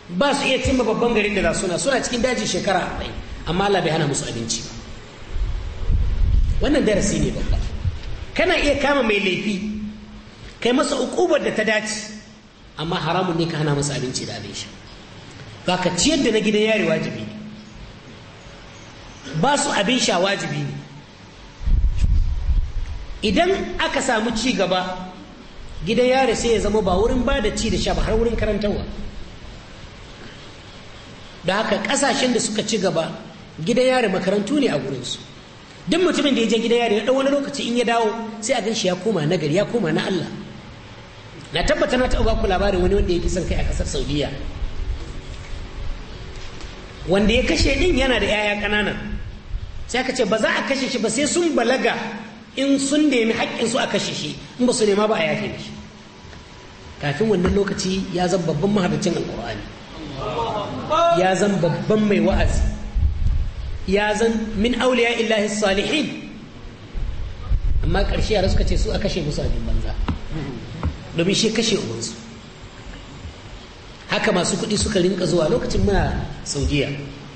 ba su iya cimma babban garin da za suna suna cikin daji shekara amma Allah bai hana musu abinci ba wannan darasi ne babba kana iya kama mai laifi kai masa ukubar da ta dace amma haramun ne ka hana masa abinci da abin sha ba ka ciyar da na gidan yari wajibi ne ba su abin sha wajibi ne idan aka samu ci gaba gidan yari sai ya zama ba wurin ba da ci da sha ba har wurin karantarwa da haka kasashen da suka ci gaba gidan yari makarantu ne a gurinsu duk mutumin da ya je gida yari na ɗan wani lokaci in ya dawo sai a ganshi ya koma na gari ya koma na Allah na tabbata na taɓa ku labarin wani wanda ya kisan kai a ƙasar Saudiya wanda ya kashe ɗin yana da 'ya'ya ƙanana sai aka ce ba za a kashe shi ba sai sun balaga in sun nemi su a kashe shi in ba su nema ba a yafe shi kafin wannan lokaci ya zan babban mahabbacin alƙur'ani ya zan babban mai wa'azi ya zan min auliya illahi salihin amma ƙarshe yara suka ce su a kashe musu abin banza domin shi kashe ubansu haka masu kuɗi suka rinka zuwa lokacin muna saudiya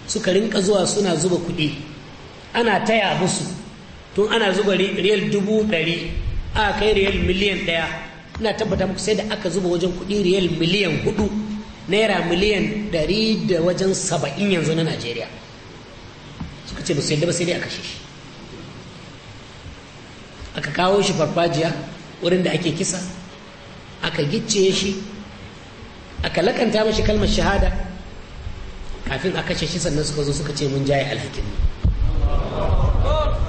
suka rinka zuwa suna zuba kuɗi ana taya musu tun ana zuba riyal dubu ɗari a kai riyal miliyan ɗaya ina tabbata muku sai da aka zuba wajen kuɗi riyal miliyan hudu naira miliyan ɗari da wajen saba'in yanzu na najeriya suka ce ba su yadda ba sai dai a kashe shi aka kawo shi farfajiya wurin da ake kisa aka gicce shi aka lakanta mashi kalmar shahada kafin a kashe shi sannan suka zo suka ce mun jaye alhakin mu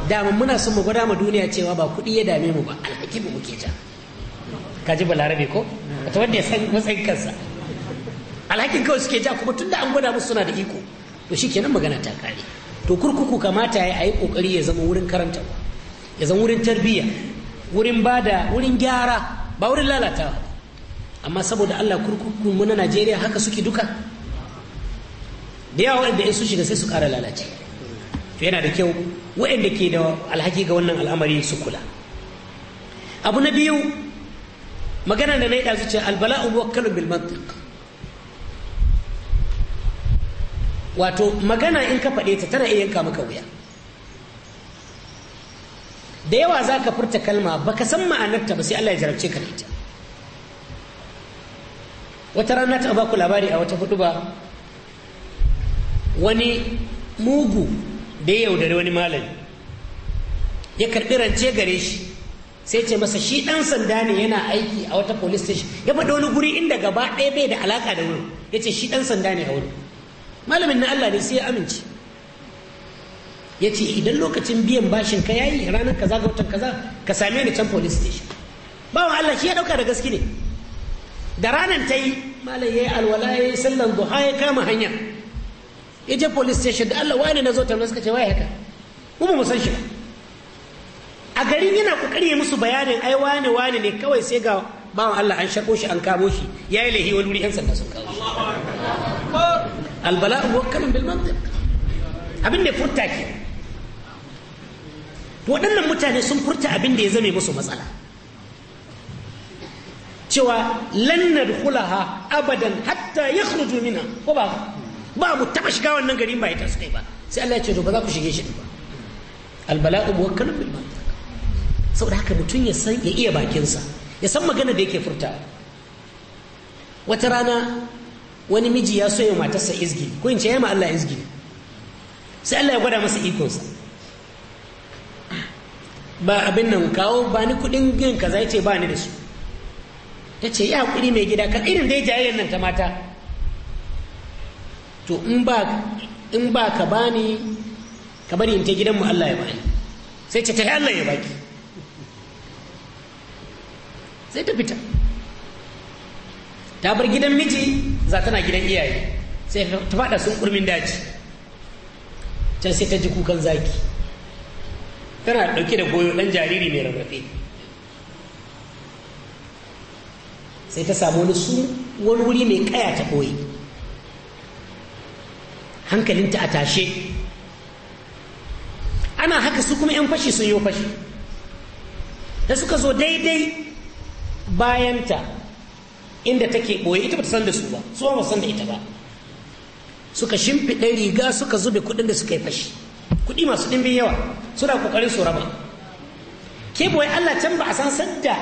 dama muna son mu gwada ma duniya cewa ba kuɗi ya dame mu ba alhakin mu muke ja ka ji balarabe ko ta wanda ya san matsayin kansa alhakin kawai suke ja kuma tunda an gwada musu suna da iko to shi kenan magana ta kare to kurkuku kamata ya yi kokari ya zama wurin karanta ya zama wurin tarbiyya wurin bada wurin gyara ba wurin lalata amma saboda Allah kurkuku mu na Najeriya haka suke duka da yawa waɗanda in su shiga sai su ƙara lalace to yana da kyau waɗanda ke da alhaki ga wannan al'amari su kula abu na biyu magana da na yi ɗazu ce albala'u wakkalu bil mantiq wato magana in ka faɗe ta tana iya yanka maka wuya da yawa za ka furta kalma ba ka san ma'anarta ba sai Allah ya jarabce ka ita wata rana ta ba ku labari a wata hudu ba wani mugu da ya yaudari wani malami ya karɓi rance gare shi sai ce masa shi ɗan sanda ne yana aiki a wata police station ya faɗi wani guri inda gaba ɗaya bai da alaƙa da wurin ya ce shi ɗan sanda ne a wurin malamin na Allah ne sai ya amince ya ce idan lokacin biyan bashin ka yayi ranar kaza ga watan kaza ka same ni can police station bawan Allah shi ya dauka da gaske ne da ranar ta yi malam ya yi alwala ya yi sallan duha ya kama hanya ya je police station da Allah wani na zo tambayar suka ce waye haka mu ba mu san shi ba a garin yana kokari ya musu bayanin ai wani wani ne kawai sai ga bawan Allah an shako shi an kamo shi yayi lahi wani wuri yan sanda sun kawo shi albala huwa kalun bil abin da ya furta ke waɗannan mutane sun furta abin da ya zame musu matsala cewa lannar hulaha abadan hatta ya khruju mina ko ba ba mu taɓa shiga wannan gari ba ita suka yi ba sai Allah ya ce to ba za ku shige shi ba albala'u muwakkalun bil mantiq saboda haka mutum ya san ya iya bakinsa ya san magana da yake furta wata rana wani miji ya so ya matarsa izgi ko in ce ya ma Allah izgi sai Allah ya gwada masa ikonsa ba abin nan kawo ba ni kuɗin gin kaza ya ce ba ni da su ta ce ya haƙuri mai gida ka irin dai jayayyar nan ta mata to in ba ka ba ni ka bari in ta gidan mu Allah ya ni sai ce ta yi Allah ya baki sai ta fita ta bar gidan miji za tana gidan iyaye sai ta fada sun kurmin daji can sai ta ji kukan zaki tana dauke da goyo dan jariri mai rarrafe sai ta samu wani su wani wuri mai kaya ta koyi hankalinta a tashe ana haka su kuma 'yan fashi sun yi fashi da suka zo daidai bayanta inda take boye ita ba ta san da su ba su ba san da ita ba suka shimfiɗe riga suka zube kuɗin da suka yi fashi kuɗi masu ɗimbin yawa suna ƙoƙarin su raba ke boye Allah can ba a san sadda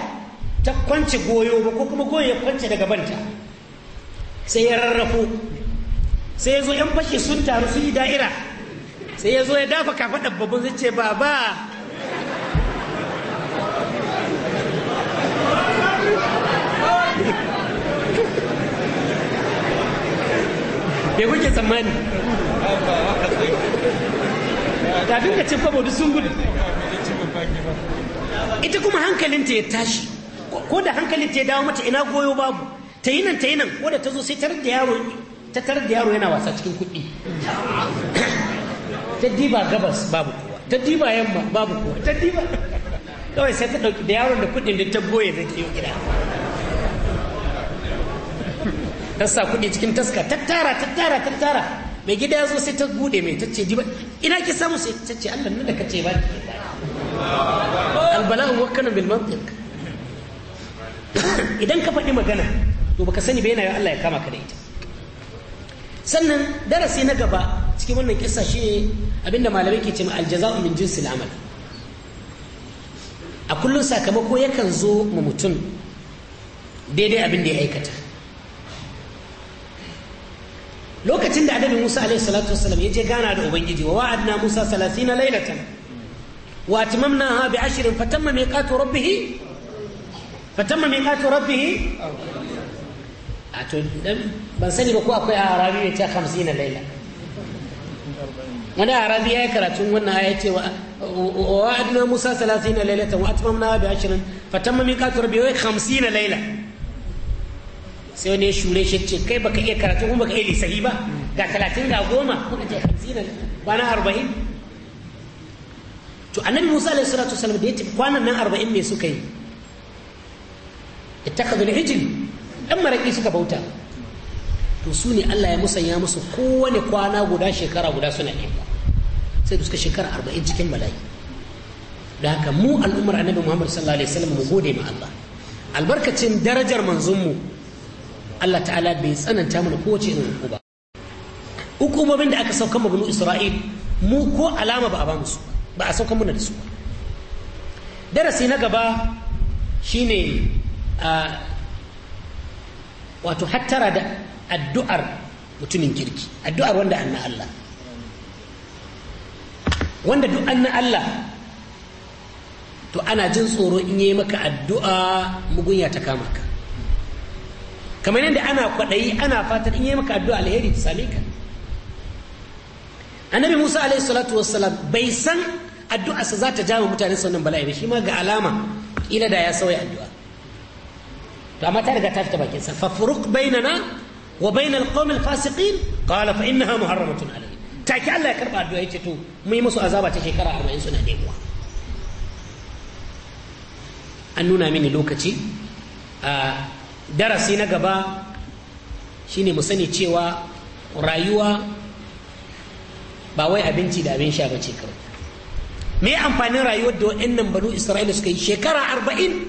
ta kwance goyo ba ko kuma goyo ya kwance daga banta sai ya rarrafo sai ya zo yan fashi sun taru sun yi da'ira sai ya zo ya dafa kafa babban zai ce ba Thank me kuke tsammani kafin ka ci kwabo sun gudu ita kuma hankalinta ya tashi ko da hankalinta ya dawo mata ina goyo babu ta yi nan ta yi nan ko da ta zo sai tarar da yaro ta tarar da yaro yana wasa cikin kuɗi ta diba gabas babu kowa ta diba yamma babu kowa ta diba kawai sai ta ɗauki da yaron da kuɗin da ta goye zai ke gida ta sa kuɗi cikin taska tattara tattara tattara mai gida ya zo sai ta bude mai tace ji ina ki samu sai ta ce Allah nan da kace ba albala'u kana bil mantiq idan ka faɗi magana to baka sani bai yana yau Allah ya kama ka da ita sannan darasi na gaba cikin wannan kissa shi abinda malamai ke ce ma aljaza'u min jinsil amal a kullum sakamako yakan zo mu mutum daidai abin da ya aikata lokacin da annabi Musa alaihi salatu je yaje gana da ubangiji wa wa'adna Musa 30 laylatan wa atmamnaha bi ashrin fatamma miqatu rabbih fatamma miqatu rabbih a to dan ban sani ba ko akwai arabi ne ta 50 layla wani arabi ya yi wannan aya ce wa wa'adna Musa 30 laylatan wa atmamnaha bi ashrin fatamma miqatu rabbih 50 layla sai wani shure shi ce kai baka iya karatu kuma baka iya lisahi ba ga talatin ga goma kuka ce hamsinan ba na arba'in to annabi musa alaihi salatu wasallam da ya tafi kwanan nan arba'in me suka yi ittakhadhu al-hijr dan maraki suka bauta to su ne Allah ya musanya musu kowane kwana guda shekara guda suna ibba sai da suka shekara arba'in cikin bala'i da haka mu al'ummar annabi muhammad sallallahu alaihi wasallam mu gode ma Allah albarkacin darajar manzon mu Allah ta'ala bai tsananta mana kowace irin uku ba hukumomin da aka saukan mabinu isra'il mu ko alama ba a ba musu ba a saukan muna da su ba darasi na gaba shine a wato hattara da addu'ar mutumin kirki addu'ar wanda an Allah wanda duk an Allah to ana jin tsoro in yi maka addu'a mugunya ta kama ka kamar yadda ana kwaɗayi ana fatan in yi maka addu'a alheri ta same ka annabi musa alaihi salatu wassalam bai san addu'arsa za ta jawo mutane sannan bala'i ba shi ma ga alama kila da ya sauya addu'a to amma ta riga ta fita bakin sa fafruq bainana wa bainal qawmil fasiqin qala fa innaha muharramatun alayhi take Allah ya karba addu'a yace to mu yi musu azaba ta shekara 40 suna daikuwa an nuna mini lokaci a darasi na gaba ne mu sani cewa rayuwa ba wai abinci da abin sha ba ce kawai me amfanin rayuwar da nan banu isra'ila suka yi shekara arba'in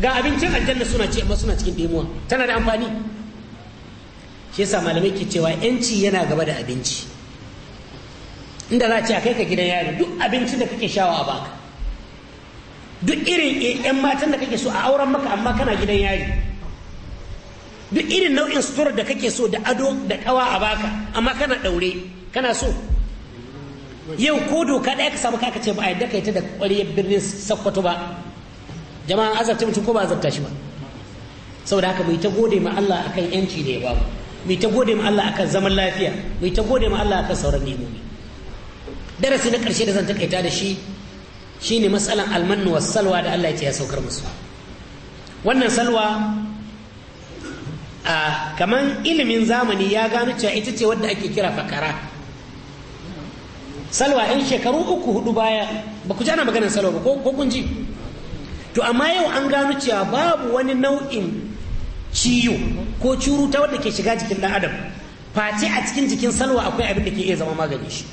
ga abincin aljanna suna ce amma suna cikin demuwa tana da amfani shi yasa malamai ke cewa yanci yana gaba da abinci inda za a ce a kai ka gidan yari duk abincin da kake shawa a baka duk irin 'yan matan da kake so a auren maka amma kana gidan yari duk irin nau'in sutura da kake so da ado da kawa a baka amma kana daure kana so yau ko doka ɗaya ka samu kaka ce ba a yadda ka yi ta da ƙwariyar birnin sakkwato ba jama'an azabta mutum ko ba azabta shi ba saboda haka mai ta gode ma Allah akan yanci da ya bamu mai ta gode ma Allah akan zaman lafiya mai ta gode ma Allah akan sauran nemomi darasi na ƙarshe da zan takaita da shi shine matsalan almannu salwa da Allah ya ce ya saukar musu wannan salwa kamar ilimin zamani ya gano cewa ita ce wadda ake kira fakara salwa yan shekaru uku hudu baya ba ku ji ana maganar salwa ba ko kun ji to amma yau an gano cewa babu wani nau'in ciyo ko curuta wadda ke shiga jikin dan adam face a cikin jikin salwa akwai abin da ke iya zama magani shi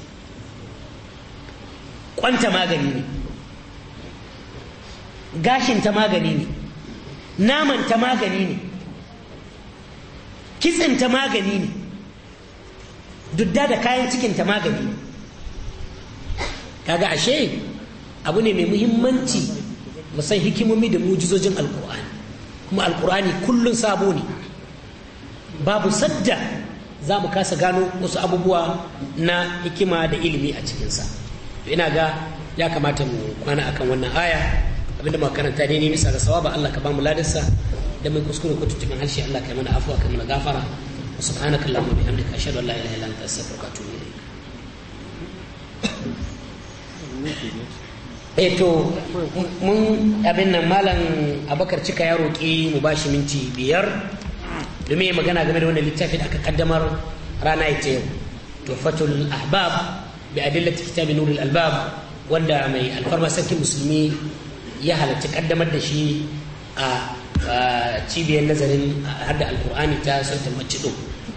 kwanta magani ne gashinta magani ne namanta magani ne ta magani ne dudda da kayan cikin ta magani ne kaga ashe abu ne mai muhimmanci musan hikimomi da mujizojin alkur'ani kuma alkur'ani kullum sabo ne babu sadda za mu kasa gano wasu abubuwa na hikima da ilimi a cikinsa ina ga ya kamata mu kwana akan wannan aya abinda makaranta ne ne misa ga sawaba Allah ka ba mu ladarsa da mai kuskure ko tuttukan harshe Allah kai mana afuwa kai mana gafara wa subhanaka allahumma bihamdika ashhadu an la ilaha illa anta astaghfiruka wa atubu ilayk eh, to mun abin nan malam abakar cika ya roƙi mu bashi minti biyar domin ya magana game da wannan littafin aka kaddamar rana ita yau tuhfatul ahbab bi adillati kitabi nurul albab wanda mai alfarma sakin musulmi ya halarci kaddamar da shi a cibiyar nazarin hadda alkur'ani ta mace macido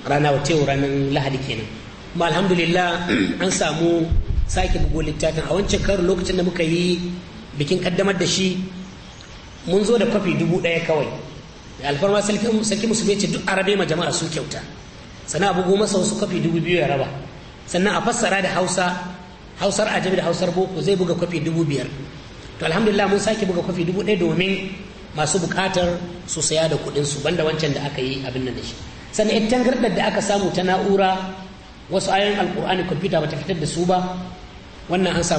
rana wa tewa ranar lahadi kenan kuma alhamdulillah an samu sake bugu littafin a wancan karo lokacin da muka yi bikin kaddamar da shi mun zo da kwafi dubu ɗaya kawai alfarma sarki musulmi ce duk arabe ma jama'a su kyauta sannan a masa wasu kwafi dubu biyu ya raba sannan a fassara da hausa hausar ajabi da hausar boko zai buga kwafi dubu biyar to alhamdulillah mun sake buga kwafi dubu ɗaya domin masu bukatar su saya da kuɗinsu banda wancan da aka yi abin nan da shi sannan ita tangardar da aka samu ta na'ura wasu ayoyin alƙur'ani kwamfuta ba ta fitar da su ba wannan an samu